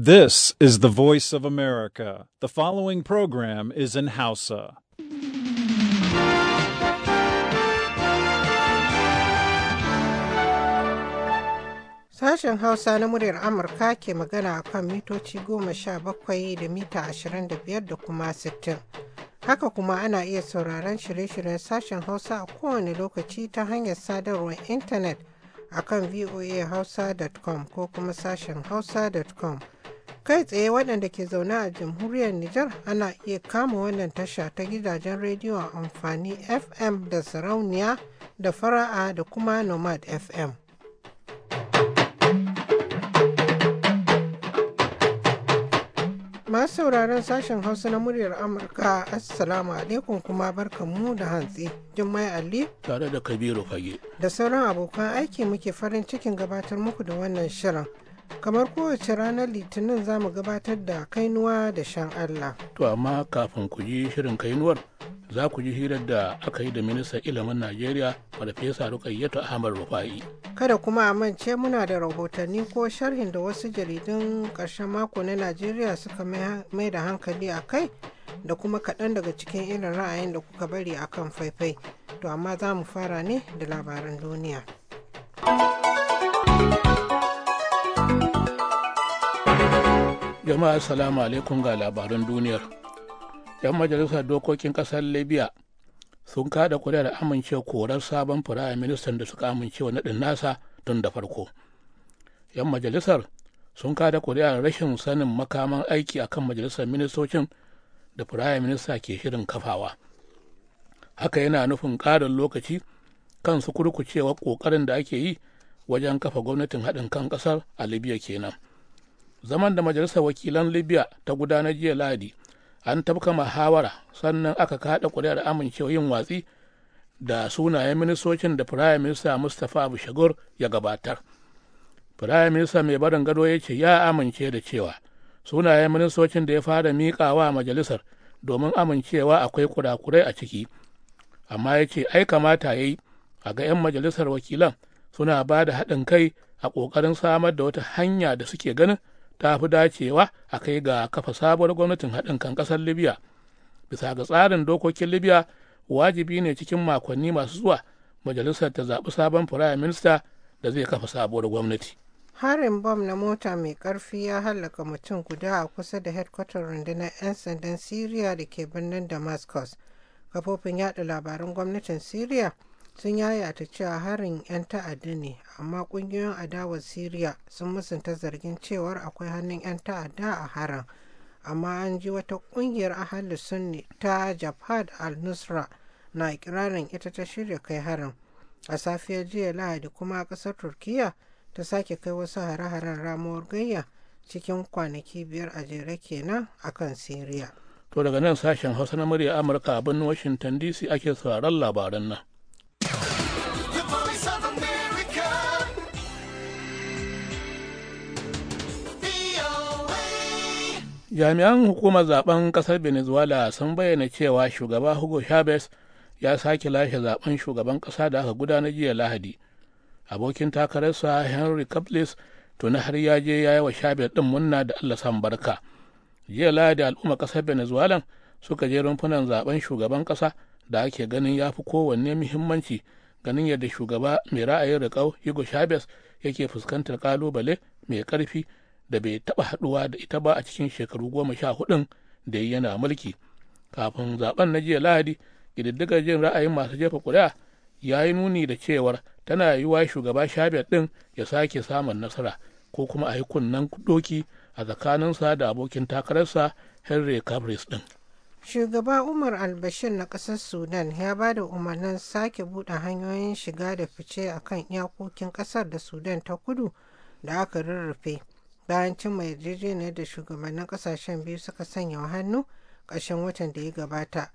This is the voice of America. The following program is in Hausa. Sashen Hausa na muryar Amurka ke magana kan mitoci goma sha bakwai da mita ashirin da biyar da kuma sittin. Haka kuma ana iya sauraron shirye-shiryen sashen Hausa a kowane lokaci ta hanyar sadarwar intanet. a akan voahausa.com ko kuma sashen hausa.com kai tsaye waɗanda ke zaune a jamhuriyar Nijar ana iya kama wannan tasha ta gidajen rediyo a amfani FM da sarauniya da fara'a da kuma nomad FM. Masu sauraron sashen Hausa na muryar Amurka, Assalamu alaikum kuma mu da hantsi. Jummai Ali. Tare da Kabiru Fage. Da sauran abokan aiki muke farin cikin gabatar muku da wannan shirin. Kamar kowace ranar Litinin za mu gabatar da kainuwa da shan Allah. To amma kafin ku ji shirin kainuwar, za ku ji hirar da aka yi da ministan ilimin Najeriya, Farfesa Rukayyatu Ahmad Rufa'i. Kada kuma a mance muna da rahotanni ko sharhin da wasu jaridun ƙarshen mako na Najeriya suka mai da hankali a kai da kuma kaɗan daga cikin irin ra'ayin da kuka bari a kan faifai. To amma za mu fara ne da labaran duniya. Jama'a Assalamu alaikum ga labaran duniyar. 'Yan majalisar dokokin ƙasar Libya sun kada kuri'ar amincewa korar sabon firayim ministan da suka amincewa naɗin nasa tun da farko yan majalisar sun kada da rashin sanin makaman aiki akan majalisar ministocin da firayim minista ke shirin kafawa haka yana nufin ƙarin lokaci kan su kurkucewa ƙoƙarin da ake yi wajen kafa gwamnatin haɗin kan ƙasar a libya kenan zaman da majalisar wakilan libya ta gudanar jiya lahadi an tafka mahawara sannan aka kaɗa ƙuri'ar amincewa yin watsi da sunayen ministocin da firayim minista mustapha abu shagur ya gabatar firayim minista mai barin gado ya ce ya amince da cewa sunayen ministocin da ya fara miƙawa majalisar domin amincewa akwai kurakurai a ciki amma ya ce ai kamata ya yi a ga 'yan majalisar wakilan suna ba da haɗin kai a ƙoƙarin samar da wata hanya da suke ganin ta fi dacewa a kai ga kafa sabuwar gwamnatin haɗin kan ƙasar libya bisa ga tsarin dokokin libya wajibi ne cikin makonni masu zuwa majalisar ta zaɓi sabon firayim minista da zai kafa sabuwar gwamnati harin bom na mota mai ƙarfi ya hallaka mutum guda a kusa da headquarter rundunar 'yan sandan syria da ke birnin damascus kafofin yada labaran gwamnatin syria sun ta cewa harin 'yan ta'adda ne amma kungiyoyin adawar Siriya sun musunta zargin cewar akwai hannun 'yan ta'adda a harin amma an ji wata kungiyar ahali sunni ta jabhat al-nusra na ikirarin ita ta shirya kai harin a safiyar jiya lahadi kuma a kasar turkiya ta sake kai wasu hare-haren ramuwar gayya cikin kwanaki biyar a jere kenan akan Siriya. to daga nan sashen hausa na murya amurka a birnin washington dc ake sauraron labaran nan jami'an hukumar zaben kasar venezuela sun bayyana cewa shugaba hugo chavez ya sake lashe zaben shugaban kasa da aka gudana jiya lahadi abokin takararsa henry caples tuni har ya je ya yi wa chavez din munna da allah san barka jiya lahadi alumma kasar venezuela suka je rumfunan zaben shugaban kasa da ake ganin ya fi kowanne muhimmanci ganin yadda shugaba mai ra'ayin riƙau hugo chavez yake fuskantar ƙalubale mai ƙarfi da bai taɓa haɗuwa da ita ba a cikin shekaru goma sha hudun da yana mulki kafin zaben na jiya lahadi ƙididdigar jin ra'ayin masu jefa ƙuri'a ya yi nuni da cewar tana yiwuwa shugaba shabiyar ɗin ya sake samun nasara ko kuma a yi kunnen doki a tsakaninsa da abokin takararsa henry cabris ɗin shugaba umar albashir na ƙasar sudan ya ba da umarnin sake buɗe hanyoyin shiga da fice akan iyakokin ƙasar da sudan ta kudu da aka rarrafe. bayan mai yarjejeniyar da shugabannin kasashen biyu suka sanya hannu ƙarshen watan da ya gabata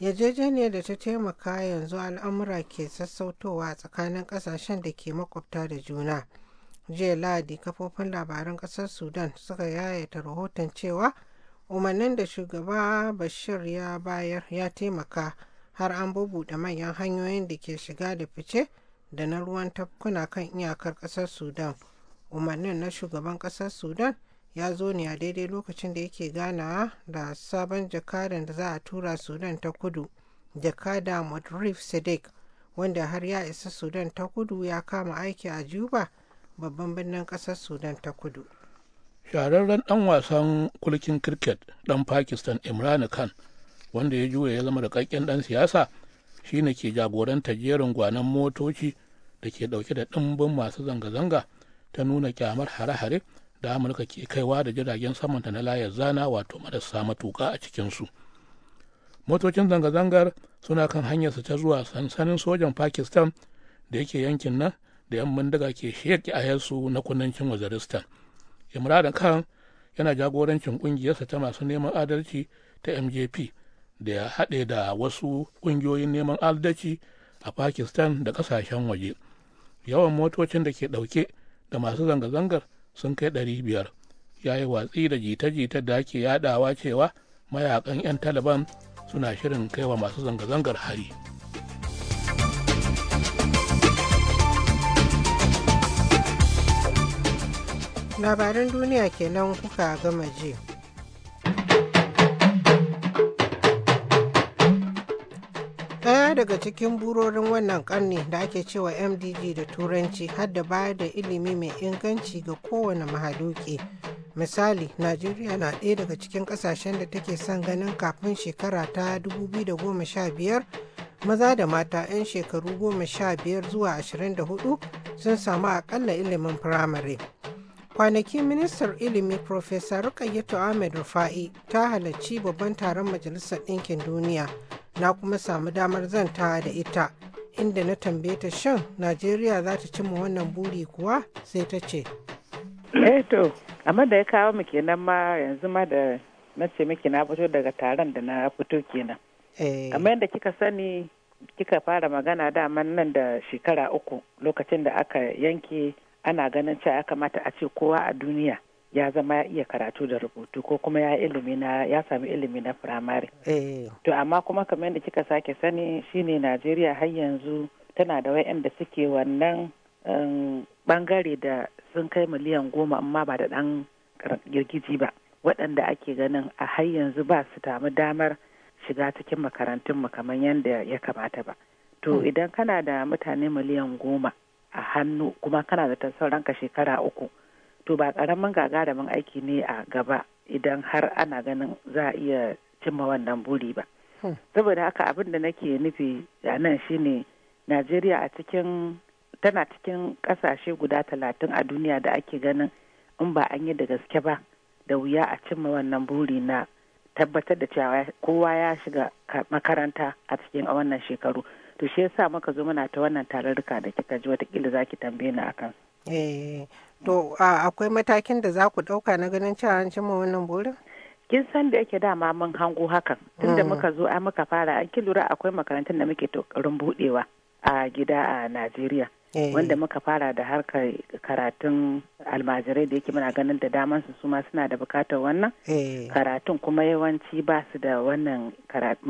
yarjejeniyar da ta taimaka yanzu al'amura ke sassautowa tsakanin kasashen da ke makwabta da juna jiya lahadi kafofin labaran ƙasar sudan suka yayata rahoton cewa umarnin da shugaba bashir ya bayar ya taimaka har an bubuɗe manyan hanyoyin da ke shiga da fice da na ruwan tafkuna kan iyakar ƙasar sudan umarnin na shugaban ƙasar sudan ya zo ne a daidai lokacin da yake ganawa da sabon jakadan da za a tura sudan ta kudu jakada madrif sadiq wanda har ya isa sudan ta kudu ya kama aiki a juba babban birnin ƙasar sudan ta kudu shahararren dan wasan kulkin kirket dan pakistan imran khan wanda ya juya ya zama rikakken dan siyasa shine ke jagorantar jerin gwanon motoci da ke dauke da dimbin masu zanga-zanga ta nuna kyamar hare-hare da amurka ke kaiwa da jiragen samanta na layar zana wato marasa matuka a cikinsu motocin zanga-zangar suna kan hanyarsu ta zuwa sansanin sojan pakistan da yake yankin nan da 'yan bindiga ke sheƙi a yansu na kudancin waziristan Imradan khan yana jagorancin ƙungiyarsa ta masu neman adalci ta mjp da ya haɗe da wasu ƙungiyoyin neman adalci a pakistan da ƙasashen waje yawan motocin da ke ɗauke da masu zanga-zangar sun kai ɗari biyar ya yi watsi da jita-jita da ake yaɗawa cewa mayakan 'yan taliban suna shirin kai wa masu zanga-zangar hari labaran duniya kenan kuka gama ji. Daya daga cikin burorin wannan ƙarni da ake cewa MDG da Turanci har da baya da ilimi mai inganci ga kowane mahaluki. Misali, Najeriya na ɗaya daga cikin ƙasashen da take son ganin kafin shekara ta 2015 maza da mata 'yan shekaru 15 zuwa 24 sun samu akalla ilimin firamare. kwanaki ministar ilimi Profesa rukayyato Ahmed Rufa'i ta halarci babban taron Majalisar Ɗinkin Duniya na kuma samu damar zanta da ita inda na tambaye ta shan najeriya za ta cimma wannan buri kuwa sai ta ce eh to amma da ya kawo mu kenan ma yanzu ma da na ce miki na fito daga taron da na fito kenan eh. amma yadda kika sani kika fara magana dama nan da shekara uku lokacin da aka yanke ana ganin cewa ya kamata a ce kowa a duniya ya zama ya iya karatu da rubutu ko kuma ya ilimi na ya sami ilimi na firamare. Eh. To amma kuma kamar da kika sake sani shine Najeriya har yanzu tana da wayanda suke wannan um, bangare da sun kai miliyan goma amma ba da dan girgiji ba waɗanda ake ganin a har yanzu ba su tamu damar shiga cikin makarantun mu kamar yadda ya kamata ba. To hmm. idan kana da mutane miliyan goma a hannu kuma kana da ka shekara uku. to ba karamin gagarumin aiki ne a gaba idan har ana ganin za a iya cimma wannan buri ba hmm. saboda haka abin da nake nufi a nan shine najeriya a cikin tana cikin kasashe guda talatin a duniya da ake ganin in ba an yi da gaske ba da wuya a cimma wannan buri na tabbatar da cewa kowa ya shiga makaranta a cikin wannan shekaru to shi yasa muka zo muna ta wannan tararruka da kika ji watakila ki tambaye ni akan To akwai matakin da za ku ɗauka na ganin cewa an cimma wannan burin? kin san da yake dama mun hango hakan tunda mm. muka zo a muka fara an kin lura akwai makarantun da muke tokarin budewa a gida a Najeriya eh. wanda muka fara da harkar karatun almajirai da yake muna ganin da daman su suma suna da bukatar wannan eh. karatun kuma yawanci ba su da wannan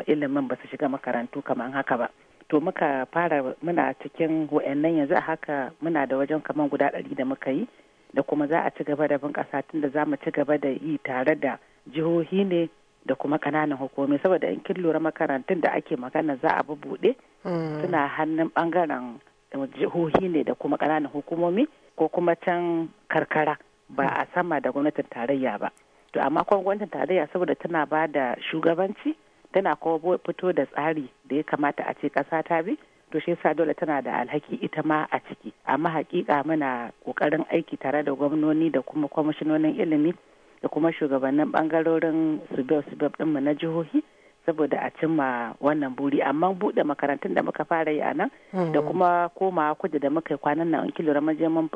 ilimin ba su shiga makarantu kamar haka ba to muka fara muna cikin wa'annan yanzu a haka muna da wajen kamar guda ɗari da muka yi da kuma za a ci gaba da bunƙasa tun da za mu ci gaba da yi tare da jihohi ne da kuma ƙananan hukumi saboda in kin lura makarantun da ake magana za a bubuɗe hmm. suna hannun ɓangaren jihohi ne da kuma ƙananan hukumomi ko kuma can karkara ba a sama da gwamnatin tarayya ba to amma kuma gwamnatin tarayya saboda tana ba da shugabanci tana kuma fito da tsari da ya kamata a ce ƙasa ta bi to shi yasa dole tana da alhaki ita ma a ciki amma hakika muna kokarin aiki tare da gwamnoni da kuma kwamishinonin ilimi da kuma shugabannin bangarorin subeb subeb dinmu na jihohi saboda a cimma wannan buri amma buɗe makarantun da muka fara yi a nan mm-hmm. da kuma koma kuje da muka yi kwanan nan kilo ramaje mun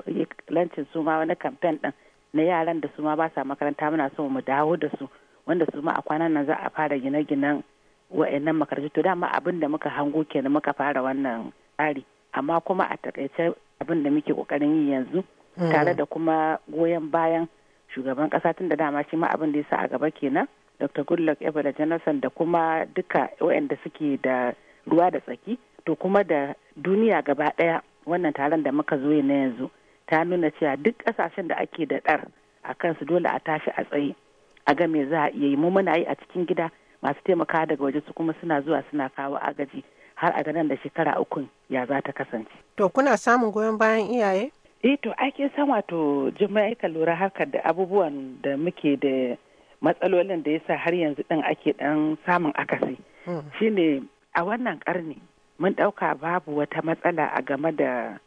lancin su ma wani kamfen din na yaran da su ma ba sa makaranta muna so mu dawo da su wanda su ma a kwanan nan za a fara gine-ginen wa'annan makarantu to dama abin da muka hango kenan muka fara wannan tsari amma kuma a takaice abin da muke kokarin yi yanzu hmm. tare da kuma goyon bayan shugaban kasa tun da dama shi ma abin da ya sa a gaba kenan dr goodluck ebele jonathan da kuma duka wa'anda suke da ruwa da tsaki to kuma da duniya gaba daya wannan taron da muka zo na yanzu ta nuna cewa duk kasashen da ake da dar a kansu dole a tashi a tsaye a ga me za a iya yi mu muna yi a cikin gida masu taimaka daga waje su kuma suna zuwa suna kawo agaji har a ganin da shekara uku ya za ta kasance. To kuna samun goyon bayan iyaye? Eh to ake san wato jima'i ka lura harkar da abubuwan da muke da matsalolin da yasa har yanzu din ake dan samun akasi. Hmm. Shine a wannan karni mun dauka babu wata matsala a game da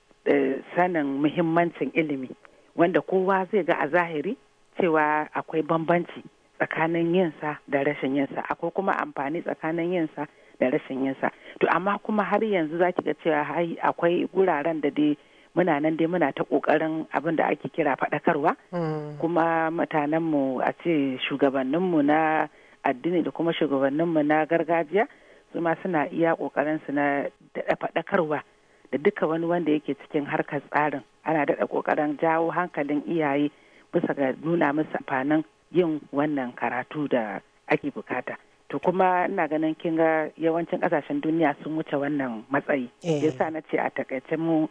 sanin muhimmancin ilimi wanda kowa zai ga a zahiri cewa akwai bambanci tsakanin yinsa da rashin yinsa akwai kuma amfani tsakanin yinsa da rashin yinsa to amma kuma har yanzu zaki ga cewa akwai guraren da dai muna nan dai muna ta kokarin abin da ake kira faɗakarwa mm. kuma mutanenmu a ce shugabanninmu na addini da kuma shugabanninmu na gargajiya su ma suna iya kokarin na daɗa faɗakarwa da duka wani wanda yake cikin harkar tsarin ana daɗa kokarin jawo hankalin iyaye bisa ga nuna musu fanan yin wannan karatu da ake bukata to kuma ina ganin kin ga yawancin kasashen duniya sun wuce wannan matsayi eh. yasa na ce a takaice mu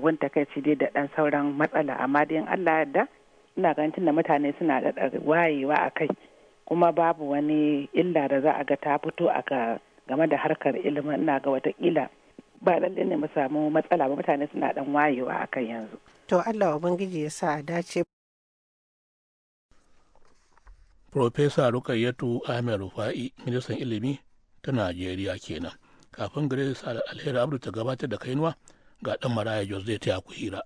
gun takaici dai da dan sauran matsala amma dai in Allah yadda ina ganin tunda mutane suna da wayewa a kai kuma babu wani illa da za a ga ta fito a ga game da harkar ilimin ina ga watakila ba lallai ne mu samu matsala ba mutane suna dan wayewa a kai yanzu to Allah ubangiji ya sa a dace Profesa Rukayyatu Ahmed Rufa'i, ministan ilimi ta Najeriya kenan. Kafin Grace Alheri Abdu ta gabatar da kainuwa ga ɗan Maraya Jos zai taya ku hira.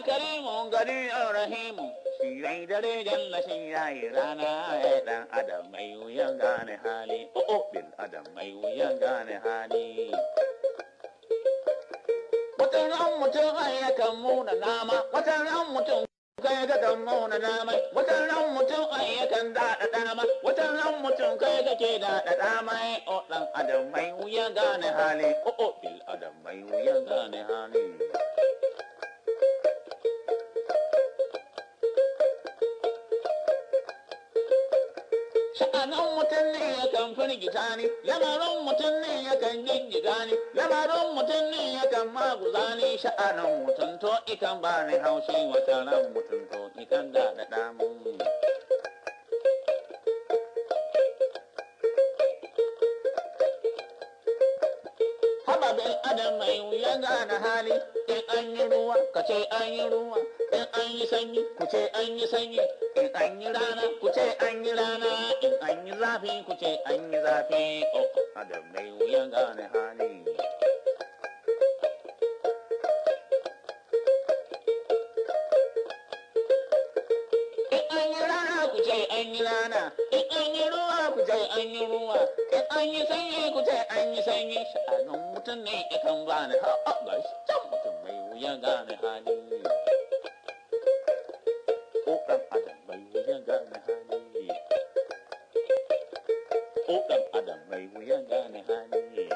karimu gari rahimu shirai dare janna shirai rana ya dan adam mai wuyan gane hali o oh, oh, adam mai wuyan gane hali wata ran mutum ai kan muna nama wata ran mutum kai ga kan muna nama wata ran mutum ai kan daɗa dama wata ran mutum kai ga ke daɗa dama eh, o oh, dan adam mai wuya gane hali o oh, oh, bil adam mai wuya gane hali lamarin mutum ne yakan firgita ni lamarin mutum ne yakan gida ni lamarin mutum ne kan maguza ne sha'anin mutum to ikan ba ni haushi wata ran mutum to ikan da da Haba adam mai wuya gane hali an yi ruwa ka ce an yi ruwa in an yi sanyi ku ce an yi sanyi in an yi rana ku ce an yi rana in an yi zafi ku ce an yi zafi oh, oh, oh adam mai wuyan gane hali ce an yi rana in an yi ruwa ku ce an yi ruwa in an yi sanyi ku ce an yi sanyi sha'anin mutum ne ikan bani ha'a gashi ya gane hali ko ɗan adam mai wuyan gane hali ko ɗan adam mai wuyan gane hali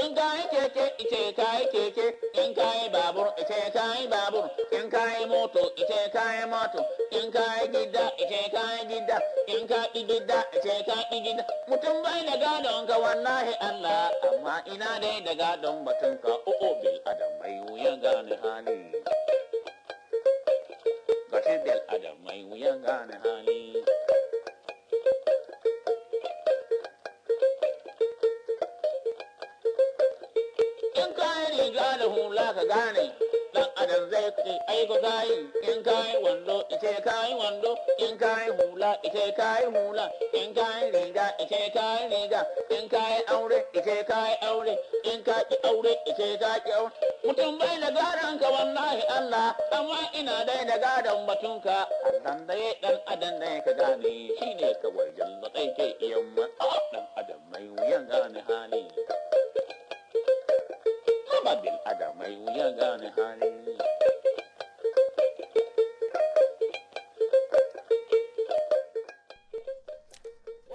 in kayi keke ice kayi keke in kayi babur ice kayi babur in kayi moto ice kayi moto in ka yi gida ce ka yi gida in ka yi gida ce ka yi gida mutum bai da gadon ka wallahi Allah amma ina dai da gadon batun ka o'o bil adam mai wuyan gane hali gashi bil adam mai wuyan gane hali in ka yi riga da hula ka gane da zai ce ai in kai wando ice kai wando in kai hula ice kai hula in kai riga ice kai riga in kai aure ice kai aure in kai aure ice kai aure mutum bai da garan ka wallahi Allah amma ina dai da garan batun ka dan dai dan adam ne ka gane shine kawai jalla kai yamma ah, dan adam mai wuyan gane hali Haba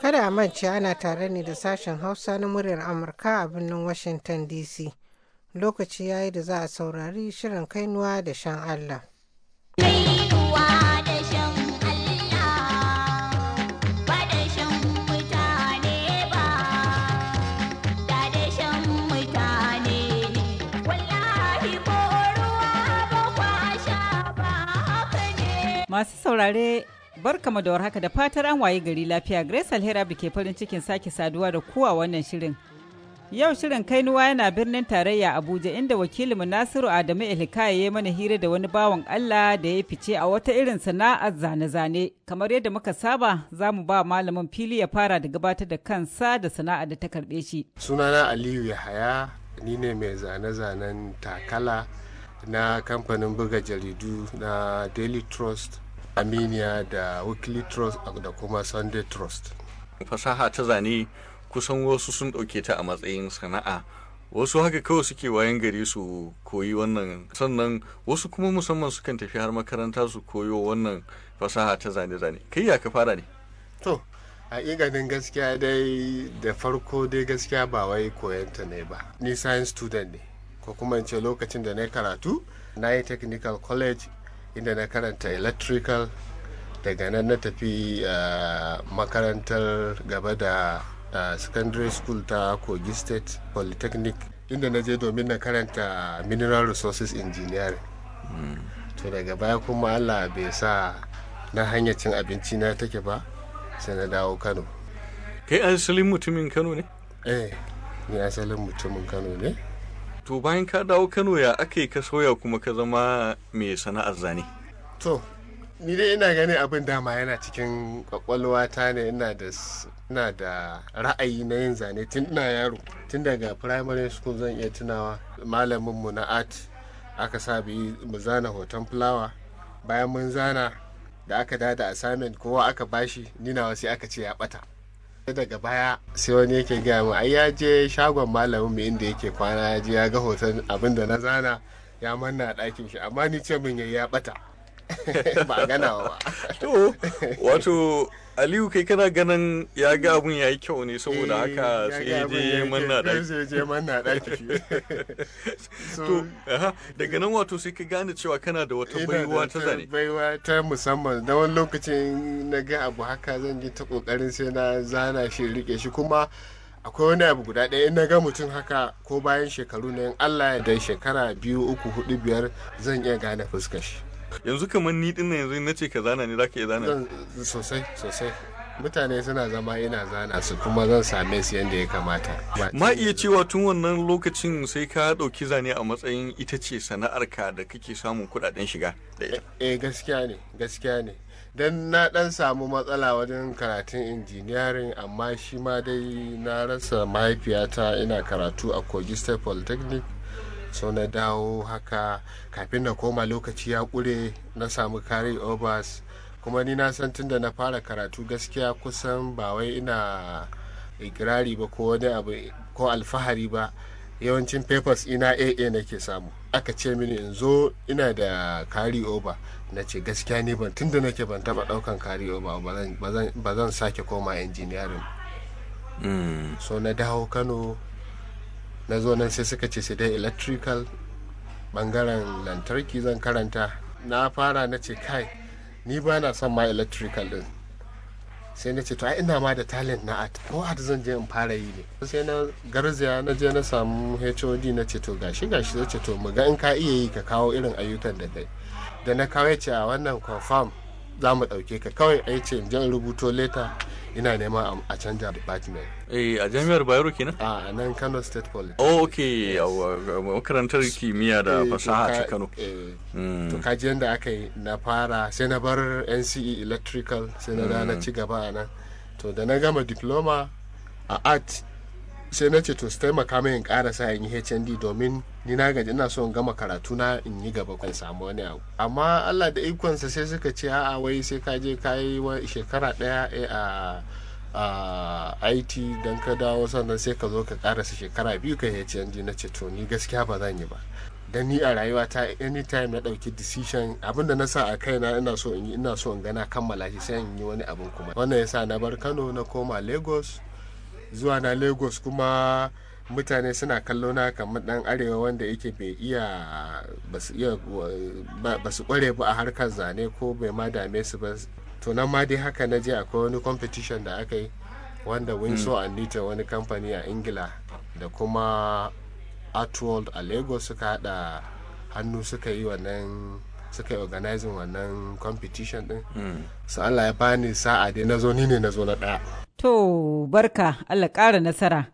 kada a mance ana tare ne da sashen hausa na muryar amurka a birnin washington dc lokaci yayi da za a saurari shirin kainuwa da shan allah Masu saurare barkama da warhaka da fatar an waye gari lafiya Grace Alhera ke farin cikin sake saduwa da kuwa wannan shirin. Yau shirin kainuwa yana birnin tarayya Abuja inda wakilinmu Nasiru Adamu Elhikaye ya mana hira da wani bawan Allah da ya fice a wata irin sana'ar zane-zane. Kamar yadda muka saba za mu ba malamin fili ya fara da gabatar da kansa da sana'a da ta karɓe shi. Sunana Aliyu Yahaya ni ne mai zane-zanen takala na kamfanin buga jaridu na Daily Trust aminiya da weekly trust da kuma sunday trust fasaha ta zane kusan wasu sun ɗauke ta a matsayin sana'a wasu haka kawai suke wayan gari su koyi wannan sannan wasu kuma musamman sukan tafi har makaranta su koyo wannan fasaha ta zane-zane kai ya ka fara ne to a ganin gaskiya dai da farko dai gaskiya ba wai koyanta ne ba ni science student ne ko kuma in ce lokacin da na yi karatu na yi technical college inda na karanta electrical daga nan na tafi eh, makarantar gaba da eh, secondary school ta kogi state polytechnic inda na je domin na karanta mineral resources engineering to daga baya kuma allah bai sa na hanyar cin abinci na take ba sai na dawo kano kai asalin mutumin kano ne? eh ni asalin mutumin kano ne to bayan ka dawo kano ya aka ka soya kuma ka zama mai sana'ar zane to ni dai ina ganin abin dama yana cikin kwakwalwa ta ne ina da ina da ra'ayi na yin zane tun ina yaro tun daga primary school zan iya tunawa malamin mu na art aka sa mu zana hoton fulawa bayan mun zana da aka dada assignment kowa aka bashi nawa sai aka ce ya bata daga baya sai wani yake gaya mu ai ya je shagon malamin mu inda yake kwana ya je ya ga hoton abin da na zana ya manna ɗakin shi amma ni ce min ya bata ba ganawa ba to wato Aliyu kai kana ganin ya ga abun ya yi kyau ne saboda eh, haka sai ya je manna ɗaki. Sai je manna ɗaki. To, daga nan wato sai ka gane cewa kana da wata baiwa ta zane. Baiwa ta musamman da wani lokacin na ga abu haka zan yi ta kokarin sai na zana shi rike shi kuma akwai wani abu guda ɗaya in na ga mutum haka ko bayan shekaru na yin Allah ya da shekara biyu uku hudu biyar zan iya gane fuskar shi. yanzu kamar ni din yanzu na ce ka zana ne zaka iya zana sosai sosai mutane suna zama ina zana su kuma zan same su yadda ya kamata ma iya cewa tun wannan lokacin sai ka ɗauki zane a matsayin ita ce sana'arka da kake samun kuɗaɗen shiga da ita eh, eh gaskiya ne gaskiya ne don na dan samu matsala wajen karatun injiniyarin amma shi ma dai na rasa mahaifiyata ina karatu a kogi state polytechnic so na dawo haka kafin na koma lokaci ya ƙure na samu kare obas kuma ni na san tun da na fara karatu gaskiya kusan ba wai ina ikirari ba ko wani abu ko alfahari ba yawancin papers ina aa nake samu aka ce mini in zo ina da kari oba na ce gaskiya ne ban tunda nake ban taba daukan kari oba ba zan sake koma injiniyarin hmm. so na dawo kano na zo nan sai suka ce sai dai electrical bangaren lantarki zan karanta na fara na ce kai ni ba na son ma electrical din sai na ce to ai ina ma da talent na art ko art zan je in fara yi ne sai na garzaya na je na samu HOD na ce to gashi gashi zai ce to mu ga in ka iya yi ka kawo irin ayyukan da kai da na kawai ce a wannan confirm za mu ɗauke ka kawai ai ce in je rubuto leta ina nema a canja department eh a jami'ar bayero kenan a nan kano state college oh ok makarantar kimiyya da eh, fasaha ta kano eh, hmm. to kaji yadda aka yi na fara sai na bar nce electrical sai na na hmm. ci gaba a nan to da na gama diploma a art sai na ce to su taimaka min in karasa in yi hnd domin ni na gaji ina son gama karatu na in yi gaba kan samu wani abu amma Allah da ikonsa sai suka ce a'a wai sai ka je ka yi shekara daya eh, a a IT don ka dawo sannan sai ka zo ka karasa shekara biyu ka yace yanzu na ce to ni gaskiya ba zan yi ba dan ni a rayuwa rayuwata anytime na dauki decision abinda na sa a kaina ina so in yi ina so in gana kammala shi sai in yi wani abin kuma wannan yasa na bar Kano na koma Lagos zuwa na Lagos kuma mutane suna kallo na kamar dan arewa wanda yake bai iya ba su kware ba a harkar zane ko bai ma dame su ba to nan ma dai haka na je akwai wani competition da aka yi wanda winsor hmm. and nita wani kamfani a ingila da kuma artworld a lagos suka hada hannu suka yi wannan suka yi organizing wannan competition din hmm. su allah ya bani sa'a dai na zo ni ne na zo na daya to barka allah kara nasara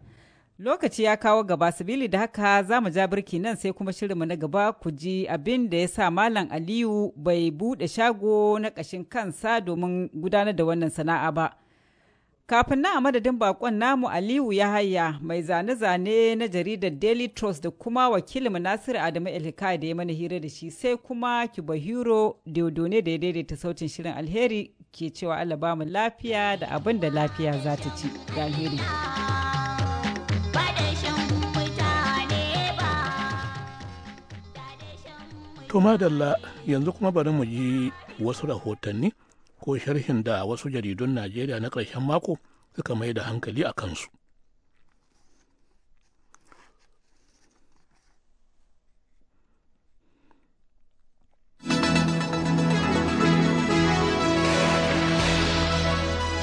Lokaci ya kawo gaba sabili da haka za mu ja birki nan sai kuma shirinmu na gaba ku ji abin da ya sa Malam Aliyu bai buɗe shago na ƙashin kansa domin gudanar da wannan sana'a ba. Kafin na a madadin bakon namu Aliyu ya haya mai zane-zane na jaridar Daily Trust da kuma wakilin Nasiru Adamu Elhika da ya mana hira da shi sai kuma Kibahiro ne da ya daidaita sautin shirin alheri ke cewa Allah ba mu lafiya da abin da lafiya za ta ci da alheri. To madalla yanzu kuma bari mu ji wasu rahotanni ko sharhin da wasu jaridun Najeriya na ƙarshen mako suka mai da hankali a kansu.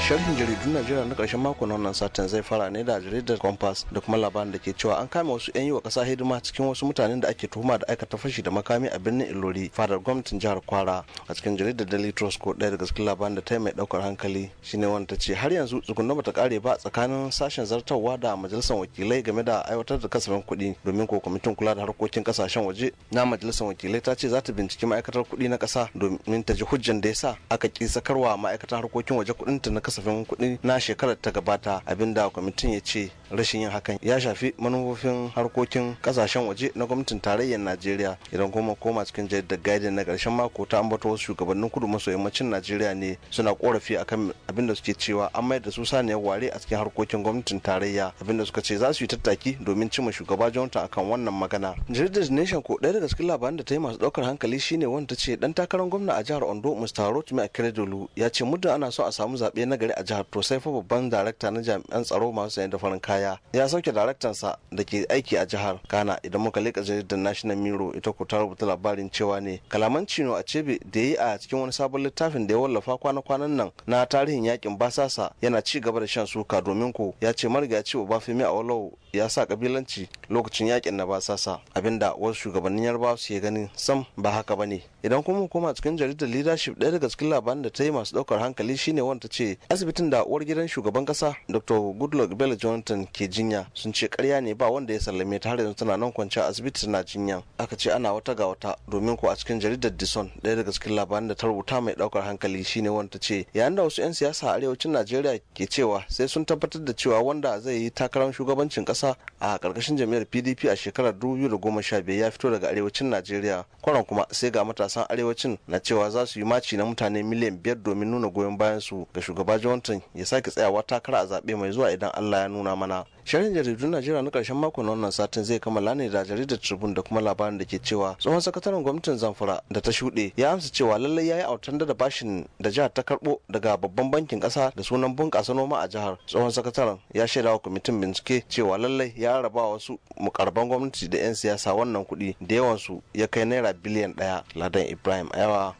sharhin jaridun najeriya na karshen mako na wannan satin zai fara ne da jaridar compass da kuma labarin da ke cewa an kame wasu 'yan yi wa kasa hidima cikin wasu mutanen da ake tuhuma da aikata fashi da makami a birnin ilori fadar gwamnatin jihar kwara a cikin jaridar daily trust ko daya daga cikin labarin da ta yi mai daukar hankali shine wanda ta ce har yanzu tsugunna bata kare ba tsakanin sashen zartarwa da majalisar wakilai game da aiwatar da kasafin kuɗi domin ko kwamitin kula da harkokin kasashen waje na majalisar wakilai ta ce za ta binciki ma'aikatar kuɗi na ƙasa domin ta ji hujjan da ya sa aka ƙi sakarwa ma'aikatar harkokin waje kuɗinta na kasa kasafin kuɗi na shekarar ta gabata abinda kwamitin ya ce rashin yin hakan ya shafi manufofin harkokin kasashen waje na gwamnatin tarayyar najeriya idan kuma koma cikin jaridar guardian na karshen mako ta ambata wasu shugabannin kudu maso yammacin najeriya ne suna korafi akan abinda suke cewa an mayar da su saniyar ware a cikin harkokin gwamnatin tarayya abinda suka ce za su yi tattaki domin cimma shugaba johnson akan wannan magana jaridar nation ko ɗaya daga cikin labaran da ta yi masu ɗaukar hankali shine wanda ta ce dan takarar gwamna a jihar ondo mr rotimi akeredolu ya ce muddin ana so a samu zaɓe na gari a jihar to sai fa babban darakta na jami'an tsaro masu sayar da farin kaya ya sauke sa da ke aiki a jihar kana idan muka leƙa jaridar national miro ita ko ta rubuta labarin cewa ne kalaman cino a cebe da ya yi a cikin wani sabon littafin da ya wallafa kwana-kwanan nan na tarihin yakin basasa yana ci gaba da shan suka domin ko ya ce marigaci obafemi a walau ya sa kabilanci lokacin yakin na basasa abinda wasu shugabannin yarbawa su ke ganin sam ba haka ba ne idan kuma hukuma cikin jaridar leadership ɗaya daga cikin labaran da ta yi masu ɗaukar hankali shine wanda ta ce asibitin da uwar gidan shugaban kasa dr goodluck bell jonathan ke jinya sun ce karya ne ba wanda ya sallame ta har yanzu tana nan kwanciya asibiti tana jinya aka ce ana wata ga wata domin ko a cikin jaridar dison daya daga cikin labarin da ta rubuta mai daukar hankali shine wanda ce yayin da wasu 'yan siyasa a arewacin najeriya ke cewa sai sun tabbatar da cewa wanda zai yi takarar shugabancin kasa a karkashin jami'ar pdp a shekarar 2015 ya fito daga arewacin najeriya kwaran kuma sai ga matasan arewacin na cewa za su yi maci na mutane miliyan biyar domin nuna goyon bayan su ga shugaban Johnson ya sake tsayawa takara a zaɓe mai zuwa idan Allah ya nuna mana. Shirin jaridun Najeriya na ƙarshen mako na wannan satin zai kammala ne da jaridar Tribune da kuma labarin da ke cewa tsohon sakataren gwamnatin Zamfara da ta shuɗe ya amsa cewa lallai ya yi autan da bashin da jihar ta karɓo daga babban bankin ƙasa da sunan bunƙasa noma a jihar. Tsohon sakataren ya shaida wa kwamitin bincike cewa lallai ya raba wasu mukarban gwamnati da 'yan siyasa wannan kuɗi da yawansu ya kai naira biliyan ɗaya. Ladan Ibrahim Ayawa,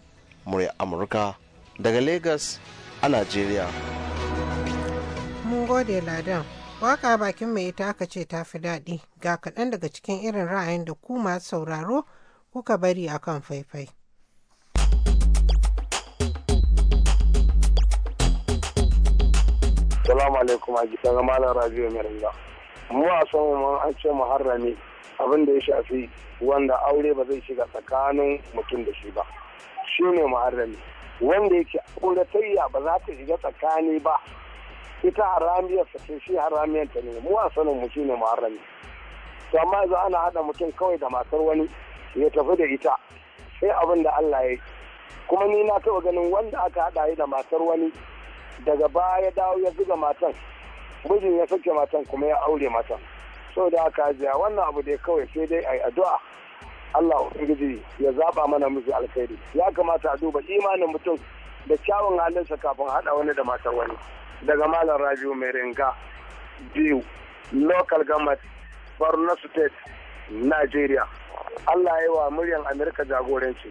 murya Amurka daga Lagos a Najeriya. Mun gode Ladan. Waka bakin mai ita aka ce ta fi daɗi ga kaɗan daga cikin irin ra'ayin da ku masu sauraro kuka bari a kan faifai. Salamu alaikum a ga malam Rabiu Miranda. Mu a son mu an ce muharrami abin da ya shafi wanda aure ba zai shiga tsakanin mutum da shi ba. Shi ne muharrami. wanda yake auratayya ba za ta shiga tsakani ba ita haramiyar sa ce shi haramiyar ta ne mu a sanin mu shine muharrami to amma yanzu ana hada mutum kawai da matar wani ya tafi da ita sai abin da Allah ya kuma ni na taɓa ganin wanda aka hada da matar wani daga baya ya dawo ya zuga matan mijin ya sake matan kuma ya aure matan saboda aka ajiya wannan abu dai kawai sai dai a yi addu'a Allah ubangiji ya zaba mana miji alkhairi ya kamata a duba imanin mutum da kyawun halinsa kafin hada wani da matar wani daga malam rabiu mai ringa biyu local government borno state nigeria allah ya yi wa muryan amurka jagoranci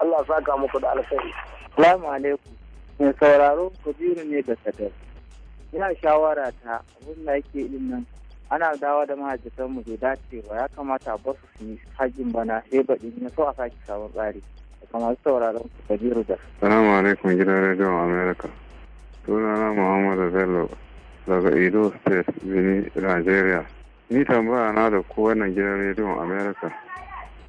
allah saka muku da alkhairi salamu alaikum mai sauraro kabiru ne da kadar ina shawara ta abin da yake ilimin ana dawa da mahajjatanmu bai dacewa, ya kamata a basu su yi hajjin bana sai baɗi na so a sake samun tsari kamar sauraron kabiru da. Salamu alaikum gidan rediyon Amerika. Sunana Muhammadu Bello daga Edo State, Benin, Nigeria. Ni tambaya na da ku wannan gidan rediyon Amerika.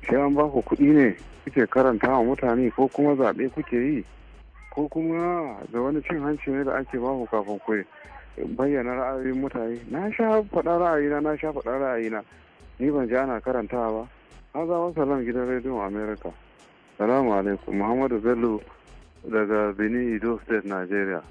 Shi an ba ku kuɗi ne kuke karanta wa mutane ko kuma zaɓe kuke yi ko kuma da wani cin hanci ne da ake ba ku kafin ku bayyana ra'ayoyin mutane na sha faɗa ra'ayina na sha faɗa ra'ayina ni ban ji ana karantawa ba zama salam gidan rediyon america salamu alaikum muhammadu bello daga benin edo state nigeria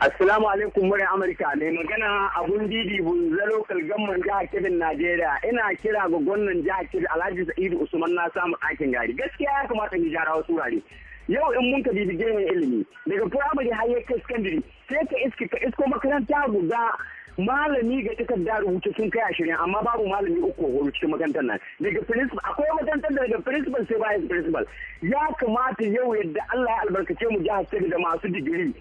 Assalamu alaikum murai Amurka ne magana a Gundidi Bunzalo Kalgamman jihar kebin Najeriya ina kira ga gwamnan jihar kebin Alhaji Sa'idu Usman na samun ɗakin gari gaskiya ya kamata ni jara wasu wurare yau in mun ka bibi gemin ilimi daga firamare har yake kai sai ka iske ka isko makaranta guda malami ga takarda rubutu sun kai ashirin amma babu malami uku hudu cikin makarantar nan daga principal akwai makarantar daga principal sai bayan principal ya kamata yau yadda Allah ya albarkace mu jihar Sirri da masu digiri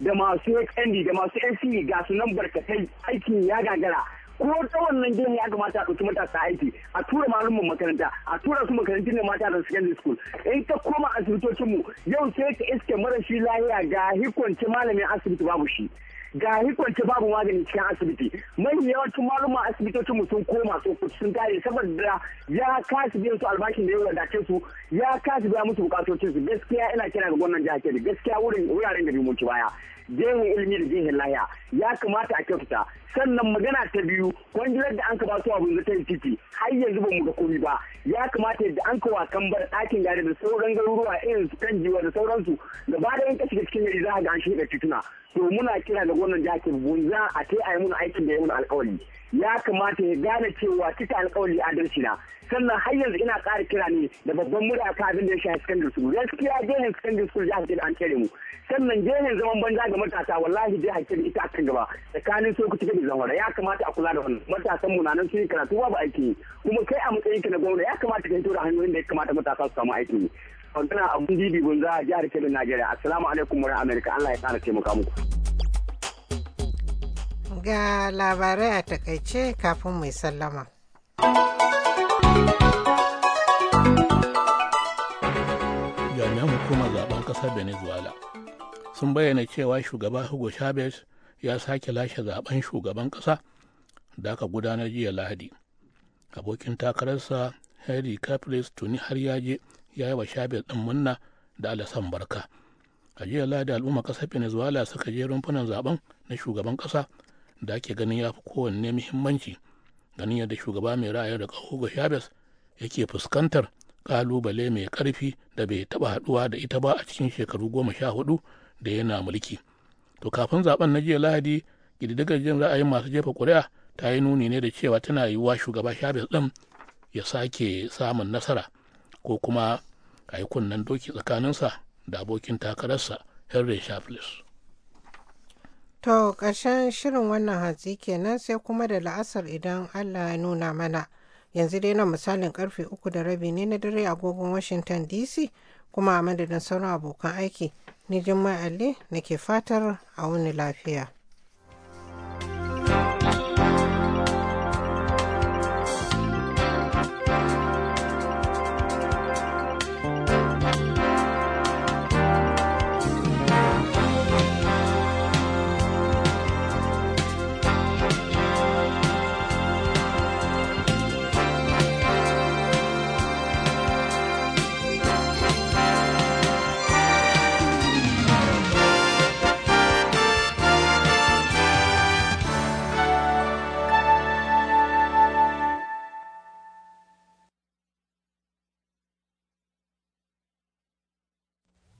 da masu HND da masu NCE ga su nan barkatai aikin ya gagara ko ta wannan gini ya kamata a ɗauki matasa aiki a tura malumin makaranta a tura su makarantun ne mata da secondary school in ta koma asibitocin mu yau sai ka iske marashi lahiya ga hikwanci malamin asibiti babu shi ga hikwanci babu magani cikin asibiti mai yawancin malumin asibitocin mu sun koma sun sun tare saboda ya kasu biyan su albashin da ya wadace su ya kasu biya musu bukatocin su gaskiya ina kira ga gwamnan jihar Kebbi gaskiya wuraren da bi baya gehen ilimi da gehen laya ya kamata a kyautata sannan magana ta biyu kwangilar da an ka basu abin zata titi har yanzu ba mu ga komi ba ya kamata yadda an ka kan bar ɗakin gari da sauran garuruwa irin su kan jiwa da sauransu gaba da yin kashi da cikin gari za a ga an shiga tituna to muna kira da gwamnan jihar bunza a ta yi mun aikin da ya mun alkawari ya kamata ya gane cewa cika alkawari adalci na sannan har yanzu ina ƙara kira ne da babban murya ka abin da ya shafi secondary school gaskiya jerin secondary school ya kebbi an kere mu sannan jerin zaman banza ga matasa wallahi jihar kebbi ita akan gaba tsakanin sokoto kebbi zamara ya kamata a kula da wannan matasan mu na nan sun yi karatu babu aiki kuma kai a matsayin ka na gwamna ya kamata ka hito da hanyoyin da ya kamata matasa su samu aiki magana a Bibi za a jihar Kebbi Najeriya. Assalamu alaikum wa Amerika. Allah ya kara taimaka muku. Ga labarai a takaice kafin mai sallama. Jami'an hukumar zaben kasar Venezuela sun bayyana cewa shugaba Hugo Chavez ya sake lashe zaben shugaban kasa da aka gudanar jiya Lahadi. Abokin takararsa Henry Capriles tuni har ya je ya yi wa shabir ɗin munna da alasan barka a jiya lada al'umma ƙasar venezuela suka je rumfunan zaben na shugaban ƙasa da ake ganin ya fi kowanne muhimmanci ganin yadda shugaba mai ra'ayin da ga shabes yake fuskantar ƙalubale mai ƙarfi da bai taɓa haɗuwa da ita ba a cikin shekaru goma sha hudu da yana mulki to kafin zaben na jiya lahadi ƙididdigar jin ra'ayin masu jefa ƙuri'a ta yi nuni ne da cewa tana yiwuwa shugaba Shabes ɗin ya sake samun nasara ko kuma a yi kunnen doki tsakaninsa da abokin takararsa henry shafles to ƙarshen shirin wannan hatsi kenan sai kuma da la'asar idan allah ya nuna mana yanzu dai na misalin karfe uku da rabi ne na dare agogon washington dc kuma a madadin sauran abokan aiki ni jimma ali nake fatar a wani lafiya